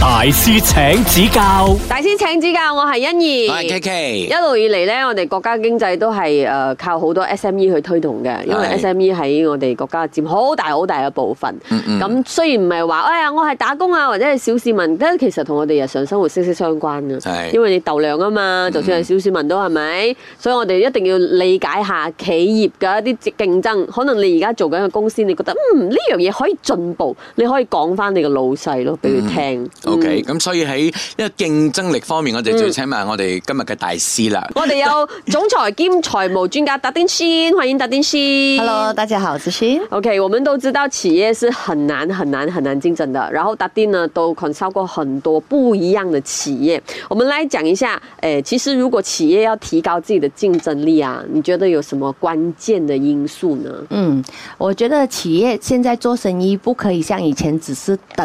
大師請指教，大師請指教，我係欣怡，K K。一路以嚟呢，我哋國家經濟都係誒靠好多 S M E 去推動嘅，因為 S M E 喺我哋國家佔好大好大嘅部分。咁雖然唔係話哎呀，我係打工啊，或者係小市民，但其實同我哋日常生活息息相關嘅，因為你豆量啊嘛，就算係小市民都係咪？所以我哋一定要理解下企業嘅一啲競爭，可能你而家做緊嘅公司，你覺得嗯呢樣嘢可以進步，你可以講翻你嘅老細。都俾佢聽。O K，咁所以喺呢個競爭力方面，嗯、我哋就要請埋我哋今日嘅大師啦。我哋有總裁兼財務專家 達丁新，歡迎達丁新。Hello，大家好，志新。O K，我們都知道企業是很難、很難、很難競爭的。然後達丁呢都可能超過很多不一樣的企業。我們來講一下，誒，其實如果企業要提高自己的競爭力啊，你覺得有什麼關鍵的因素呢？嗯，我覺得企業現在做生意不可以像以前只是等。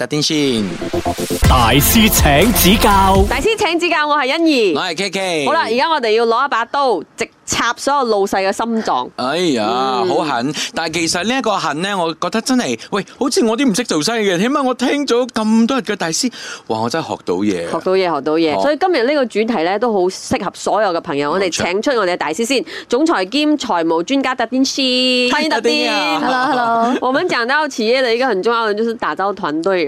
Datin Shin，大師請指教。大師請指教我是我是、啊，我係欣怡，我係 K K。好啦，而家我哋要攞一把刀，直插所有老細嘅心臟。哎呀，嗯、好狠！但係其實呢一個狠呢我覺得真係，喂，好似我啲唔識做生意嘅，起碼我聽咗咁多日嘅大師，哇，我真係學到嘢，學到嘢，學到嘢。所以今日呢個主題呢，都好適合所有嘅朋友。我哋請出我哋嘅大師先，總裁兼財務專家 Datin Shin，歡迎 Datin Shin Hello Hello。我們講到企業的一個很重要的，就是打造團隊。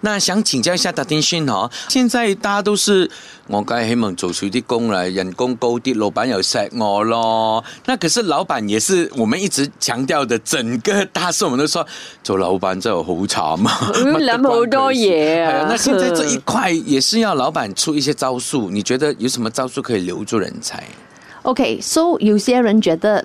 那想請教一下 Datin Shin 嗬。現在大家都是我梗係希望做少啲工啦，人工高啲，老闆又錫我咯。那可是老闆也是我們一直強調的，整個大事我們都說做老闆做好慘嘛，唔、嗯、諗好多嘢、啊。哎呀，那現在這一塊也是要老闆出一些招數，你覺得有什麼招數可以留住人才？OK，所、so, 以有些人覺得。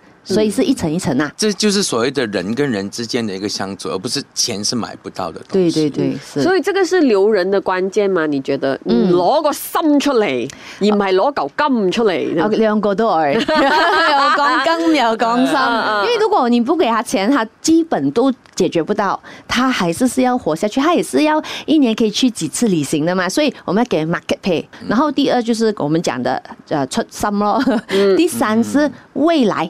所以是一層一層啊，這就是所謂的人跟人之間的一個相處，而不是錢是買不到的東西。對對對，所以這個是留人的關鍵嘛？你覺得？嗯，拿個心出嚟，而唔係攞嚿金出嚟。啊，兩個都係，又講金又講心。因為如果你不給他錢，他基本都解決不到，他還是是要活下去，他也是要一年可以去幾次旅行的嘛。所以我們要給 market pay、嗯。然後第二就是我們講的呃出心咯。嗯、 第三是未來。